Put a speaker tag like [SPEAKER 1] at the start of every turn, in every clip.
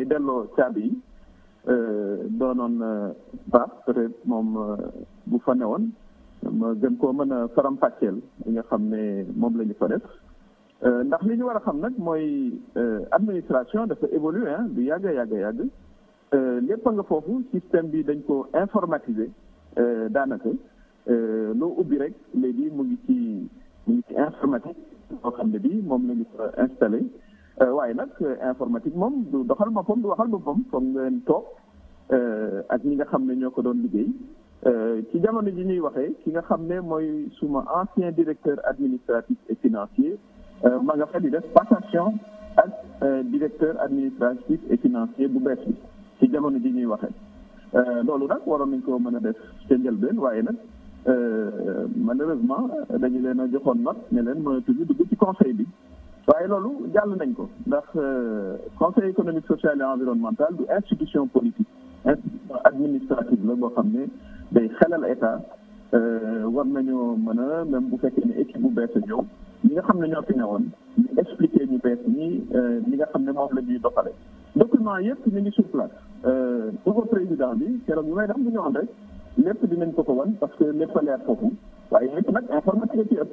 [SPEAKER 1] li delloo caabi yi euh, doonoon euh, baax peut-être moom euh, bu fa woon ma gën koo mën a faram-fàcceel li nga xam ne moom la ñu fa def ndax li ñu war a xam nag mooy administration dafa évoluer ah du yàgg a yàgg a yàgg lépp a nga foofu système bi dañ ko informatiser daanaka loo ubbi rek léegi mu ngi ci mu ngi ci informatique boo xam ne bi moom ngi ñu fa installé Euh, waaye nag euh, informatique moom du doxal boppam du waxal boppam foog ngeen toog euh, ak ñi nga xam ne ñoo ko doon liggéey ci jamono ji ñuy waxee ki nga xam ne mooy suma ancien directeur administratif et financier ma nga fa di def passation ak directeur administratif et financier bu bees bi ci jamono ji ñuy waxee loolu nag waroon nañ koo mën a def ca njëlbeen waaye nag malheureusement dañu leen a joxoon not ne leen mën a tudd dugg ci conseil bi waaye loolu jàll nañ ko ndax conseil économique social et environnemental du institution politique institution administrative la boo xam ne day xelal état war nañoo mën a même bu fekkee ne équipe bu bees a ñëw ñi nga xam ne ñoo fi newoon ñu expliqué ñu bees ñi ñi nga xam ne moom la ñuy doxale document yëpp ñu ngi sur place nouveau président bi keroog ñu may dam bu ñu rek lépp dinañ ko ko wan parce que lépp a leer foofu waaye lépp nag informatique ci ëpp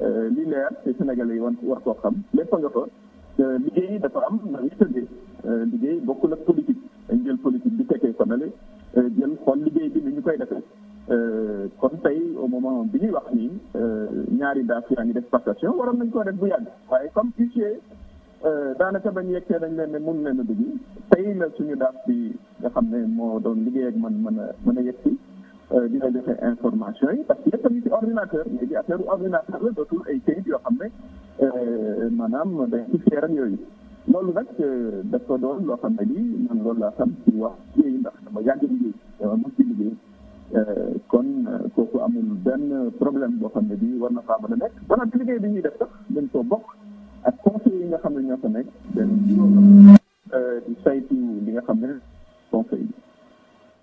[SPEAKER 1] Euh, li leer te Sénégalais yi wan war koo xam lépp nga ko euh, liggéey dafa am na ñu tëddee euh, liggéey bokkul ak politique dañ jël politique bi tekkee ko nale jël xool liggéey bi ni ñu koy defee kon tey au moment bi ñuy wax nii ñaari daaf yaa ngi def passation waroon nañ koo def bu yàgg waaye comme huissier daanaka bañ yeggtee dañ leen ne mun leen a dugg tey la suñu daaf bi nga xam ne moo doon liggéey ak man mën a mën a yegg si Euh, di la joxe information yi parce que lépp tamit ci ordinateur léegi affaire ordinateur la dootul ay kayit yoo xam ne euh, maanaam day fichier ak yooyu loolu nag euh, def ko dool loo xam ne lii man loolu laa xam ci wax yooyu ndax dama yàgg liggéey dama mën ci liggéey kon kooku amul benn problème boo xam ne di war na faa mën a nekk wala liggéey bi ñuy def sax dañ koo bokk ak conseil yi nga xam ne ñoo fa nekk benn di saytu li nga xam ne conseil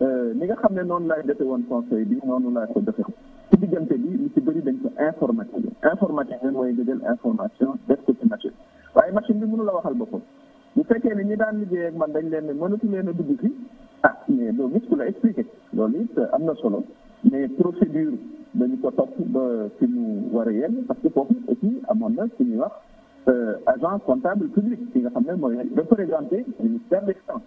[SPEAKER 1] ni nga xamne non lay defe won conseil bi nonu la ko defe ci digënté bi ci bari dañ ko informatiser informatiser moy gëdel information def ko ci machine waye machine bi mënu la waxal bopam bu fekkee ni ñi daan liggéey ak man dañ leen mënu ci leen dugg fi ah mais do gis ko la expliquer loolu it am na solo mais procédure dañ ko top ba ci ñu wara a parce que foofu aussi amoon ci ñu wax euh agent comptable public ki nga xamne moy représenter ministère des finances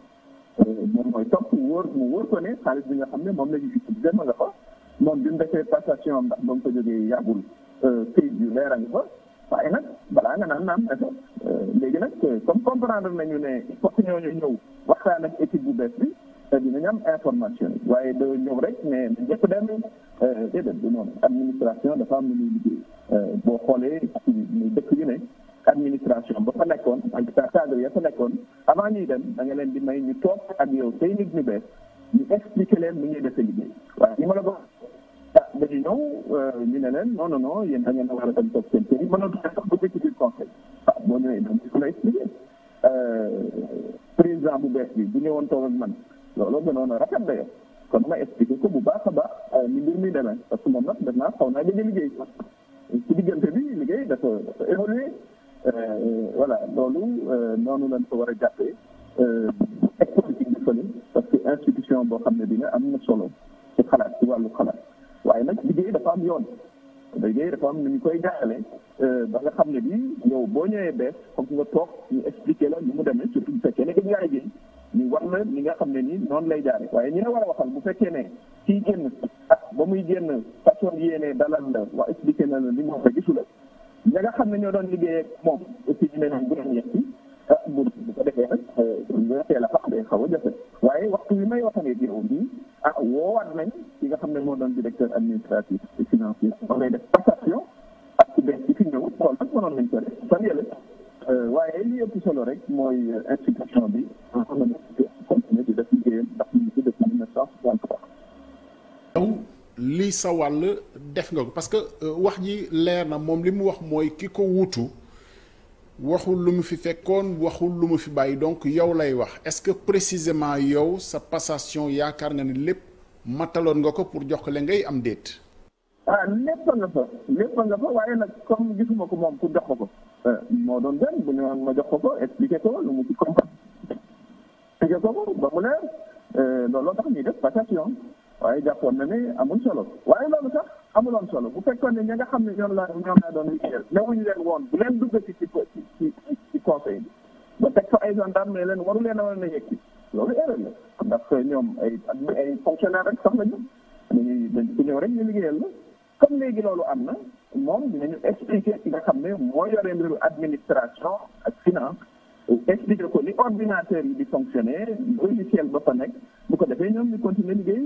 [SPEAKER 1] moom mooy topp woor mu wóor ko ne xaalis bi nga xam ne moom la ñu utilisé ma nga fa moom bi mu defee passation ndax ba mu ko jógee yàggul euh, këyit yu leer a nga fa waaye nag balaa nga naan naam ne fa euh, léegi nag euh, comme comprendre nañu ne fokk ñooñu ñëw waxtaan ak équipe bu bees bi dinañu am information yi waaye da ñëw rek mais ñëpp dem déedéet du noonu administration dafa am na ñuy liggéey boo xoolee ci dëkk yu ne administration ba fa nekkoon ak sa cadre ya fa nekkoon avant ñuy dem da nga leen di may ñu toog ak yow say nit ñu bees ni expliquer leen ni ñuy def sa liggéey waaye ni ma la ko ah dañu ñëw euh, ñu ne leen non non non yéen da ngeen a war a dem toog seen kër yi mënatu sax dugg ci biir conseil waaw ah, boo ñëwee donc su la expliquer euh, président bu bees bi bu ñëwoon toog ak man looloo ba a rafet la yow kon ma expliqué ko bu baax a baax euh, ni mbir mi demee parce que moom nag def naa xaw naa gëj a liggéey ci diggante bi liggéey dafa dafa évolué Euh, voilà loolu euh, noonu lañ ko war a jàppee euh, teg politique bi fële parce que institution boo xam ne bi nga am na solo ci xalaat ci wàllu xalaat waaye nag liggéey dafa am yoon liggéey dafa am nu ñu koy jaarale ba nga xam ne bi yow boo ñëwee bees foog nga toog ñu expliqué la nu mu demee surtout bu fekkee ne gën ngaa liggéey ñu wax la ni nga xam ne nii noonu lay jaare waaye ñi la war a waxal bu fekkee ne kii génn ak ah, ba muy génn façon yéenee dalal la wax expliqué na la li mu wax gisu la ña xam ne ñoo doon liggéey moom aussi ñu ne noonu bu doon yegg ah, bu ko defee nag euh, bu teel a fax day xaw a jafe waaye waxtu bi may waxtaan ak yow bii ah woowaat nañ ki nga xam ne moo doon directeur administratif et financier war lay def passation ak ci benn ci fi ñëw xool nag mënoon nañ ko def fan yële euh, waaye li ëpp solo rek mooy euh, institution bi nga xam ne di def liggéeyam ndax ñu ngi ci depuis mille neuf cent soixante
[SPEAKER 2] trois li sa wàll def nga ko parce que euh, wax ji leer na mom limu wax moy kiko ko waxul lu mu fi fekkoon waxul lu mu fi bàyyi donc yow lay wax est-ce que précisément yow sa passation yaakaar na ni lepp matalon nga ko pour jox ko la ngay am déet. ah lepp nga fa lepp
[SPEAKER 1] nga fa waye nak comme gisuma ko moom pour jox ko ko. Euh, moo doon gën bu ñu ma jox ko ko expliqué ko lu mu ci comprendre. expliqué ko ko ba mu leer euh, looloo tax ni def passation waaye jàppoon na ni amul solo waaye loolu sax amuloon solo bu fekkoon ne ñi nga xam ne ñoom la ñoom laa doon liggéeyal newuñu leen woon bu leen dugg ci ci ci ci conseil bi ba teg fa ay gendarme leen waru leen a war a yegg loolu erreur la ndax ñoom ay ay fonctionnaire rek sax la ñu dañuy dañ ku ñëw rek ñu liggéeyal la comme léegi loolu am na moom dinañu expliquer ki nga xam ne moo yore mbiru administration ak finance expliquer ko ni ordinateur yi di fonctionner logiciel ba fa nekk bu ko defee ñoom ñu continuer liggéey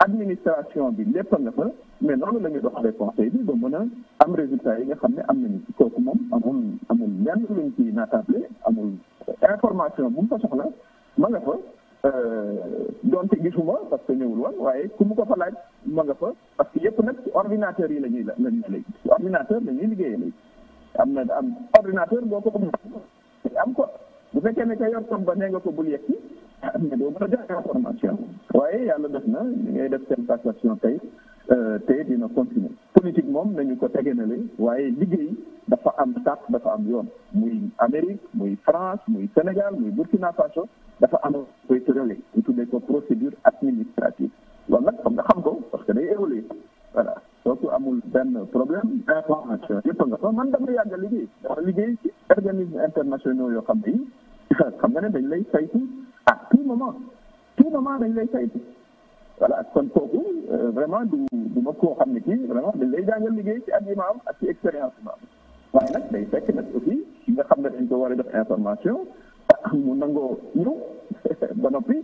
[SPEAKER 1] administration bi lépp nga fa mais noonu la ñu doxalee conseil bi ba mën a am résultat yi nga xam ne am nañu ci kooku moom amul amul lenn ñu ci naatable amul information bu mu fa soxla ma nga fa euh, donte gisuma parce que ñëwul woon waaye ku mu ko fa laaj ma nga fa parce que yëpp nag ci ordinateur yi la ñuy la ñuy léegi ci ordinateur la ñuy liggéeyee léegi am na am ordinateur boo ko am ko bu fekkee ne ka yor toog ba nee nga ko bul yegg mais doo mën a jàkkaar formation waaye yàlla def na li ngay def seen passation tey euh, te dina continuer politique moom nañu ko tegenale waaye liggéey dafa am tàq dafa am yoon muy Amérique muy France muy Sénégal muy Burkina Faso dafa am koy tërale ñu tuddee ko procédure administrative loolu nag foog nga xam ko parce que day évoluer voilà kooku amul benn problème information yëpp nga ko man dama yàgg liggéey dama liggéey ci organisme internationaux yoo xam ne yi xam nga ne dañ lay saytu moment tout moment dañ lay saytu voilà kon kooku euh, vraiment du du ma koo xam ne kii vraiment dañ lay jàngal liggéey ci at yi ma am ak ci expérience bi ma am waaye nag day fekk nag aussi ki nga xam ne dañ ko war a jox information ah mu nangoo ñëw ba noppi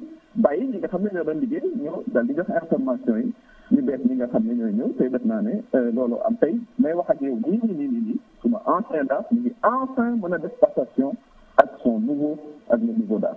[SPEAKER 1] bàyyi ñi nga xam ne ñoo doon liggéey ñëw dal di jox information yi ñu bees ñi nga xam ne ñooy ñëw tey def naa ne euh, loolu am tey may wax ak yow nii nii nii nii suma ancien DAF mu ngi enfin mën a def passation ak son nouveau ak le nouveau DAF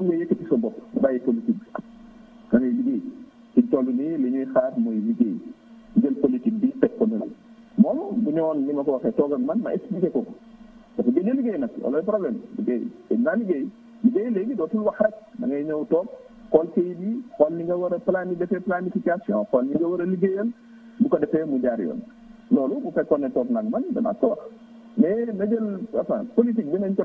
[SPEAKER 1] foog nga yëkkati sa bopp bàyyi politique bi da ngay liggéey ci toll nii li ñuy xaar mooy liggéey jël politique bi teg ko nag moom bu ñëwoon ni ma ko waxee toog ak man ma expliqué ko dafa gëj a liggéey nag loolooy problème liggéey dañ naa liggéey liggéey léegi dootul wax rek da ngay ñëw toog xool kayit yi xool ni nga war a plani defee planification xool ni nga war a liggéeyal bu ko defee mu jaar yoon loolu bu fekkoon ne toog nag man danaa ko wax mais na jël enfin politique bi nañ ko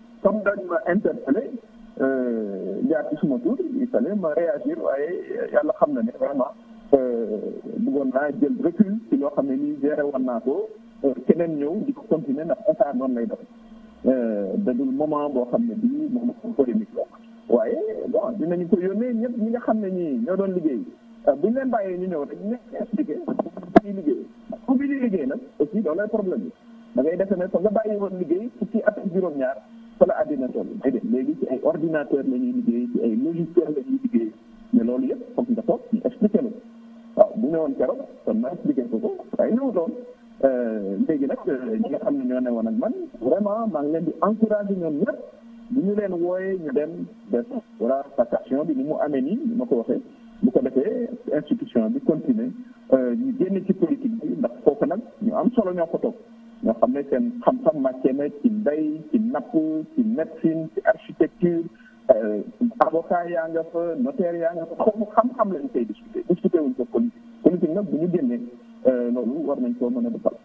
[SPEAKER 1] comme dañ ma interpellé jaar ci suma tuur il fallait ma réagir waaye yàlla xam na ne vraiment bëggoon naa jël recul ci loo xam ne nii géré woon naa ko keneen ñëw di ko continuer ndax état noonu lay dox dadul moment boo xam ne bii moom polémique la waaye bon dinañu ko yónnee ñëpp ñi nga xam ne ñii ñoo doon liggéey buñ leen bàyyee ñu ñëw rek nekk expliqué di liggéey ku bi di liggéey nag aussi loolay problème bi da ngay defe ne ko nga bàyyi woon liggéey fukki at ak juróom ñaar fa la àddina toll déedéet léegi ci ay ordinateur lañuy liggéey ci ay logiciel la ñuy liggéey ne loolu yëpp foog nga toog ñu expliqué lu waaw bu newoon keroog kon ma expliqué ko ko ay ñëwutoon euh, léegi nag euh, ñi nga xam ne ñoo ne woon ak man vraiment maa ngi leen di encouragé ñoom ñëpp bu ñu leen wooyee ñu dem def wala vacation bi ni mu amee nii ni ma ko waxee bu ko defee institution bi continuer euh, ñu génn ci politique bi ndax foofu nag ñu am solo ñoo ko toog seen xam-xam màccee na ci mbéy ci napp ci médecine ci architecture euh, avocat yaa nga fa notaire yaa nga fa xaw xam-xam lañ koy discuter discuter wuñ ko politique politique nag bu ñu génnee euh, loolu war nañ koo mën a defal